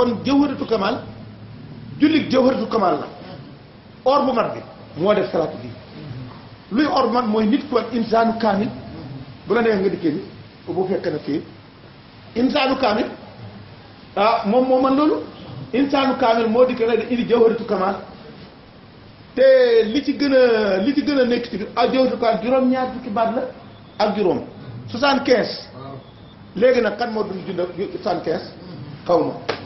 kon jawharatu kamal jullit jawharatu kamal la or bu mat bi moo def salaatu bi luy or bu mat mooy nit ku ak insaanu kaamil bu la neex nga dikkee ni bu fekkee ne fii insaanu kaamil ah moom moo man loolu insaanu kaamil moo dikkee ne indi jawharatu kamal te li ci gën a li ci gën a nekk ci biir ah jawharatu kamal juróom-ñaar fukki baat la ak juróom soixante-quinze léegi nag kan moo dund jund soixante-quinze xaw ma